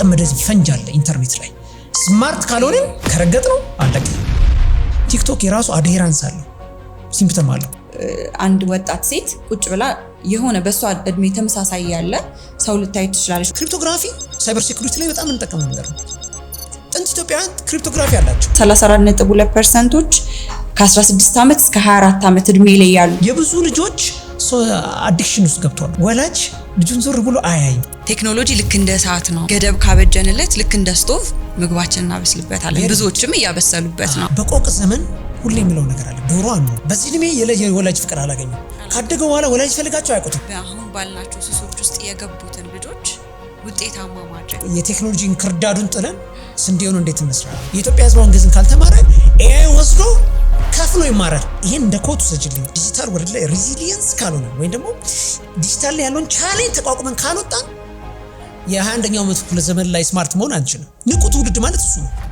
የተጠመደ ፈንጅ አለ ኢንተርኔት ላይ። ስማርት ካልሆነን ከረገጥ ነው አለቀ። ቲክቶክ የራሱ አድሄራንስ አለ፣ ሲምፕተም አለው። አንድ ወጣት ሴት ቁጭ ብላ የሆነ በእሷ እድሜ ተመሳሳይ ያለ ሰው ልታይ ትችላለች። ክሪፕቶግራፊ ሳይበር ሴኩሪቲ ላይ በጣም እንጠቀመ ነገር ነው። ጥንት ኢትዮጵያውያን ክሪፕቶግራፊ አላቸው። 34.2 ፐርሰንቶች ከ16 ዓመት እስከ 24 ዓመት እድሜ ላይ ያሉ የብዙ ልጆች አዲክሽን ውስጥ ገብተዋል። ወላጅ ልጁን ዞር ብሎ አያይም። ቴክኖሎጂ ልክ እንደ እሳት ነው። ገደብ ካበጀንለት ልክ እንደ ስቶቭ ምግባችን እናበስልበታለን። ብዙዎችም እያበሰሉበት ነው። በቆቅ ዘመን ሁሌ የሚለው ነገር አለ። ዶሮ አሉ በዚህ እድሜ የወላጅ ፍቅር አላገኙም። ካደገ በኋላ ወላጅ ፈልጋቸው አያውቁትም። በአሁን ባልናቸው ሱሶች ውስጥ የገቡትን ልጆች ውጤታማ ማድረግ የቴክኖሎጂ እንክርዳዱን ጥለን ስንዴውን እንዴት እንስራ። የኢትዮጵያ ሕዝብ አሁን ግዝን ካልተማረ ኤአይ ወስዶ ከፍሎ ይማራል። ይህን እንደ ኮት ውሰጅልኝ። ዲጂታል ወደ ላይ ሬዚሊየንስ ካልሆነ ወይም ደግሞ ዲጂታል ላይ ያለውን ቻሌንጅ ተቋቁመን ካልወጣን የ21ኛው መቶ ክፍለ ዘመን ላይ ስማርት መሆን አንችልም። ንቁ ትውልድ ማለት እሱ ነው።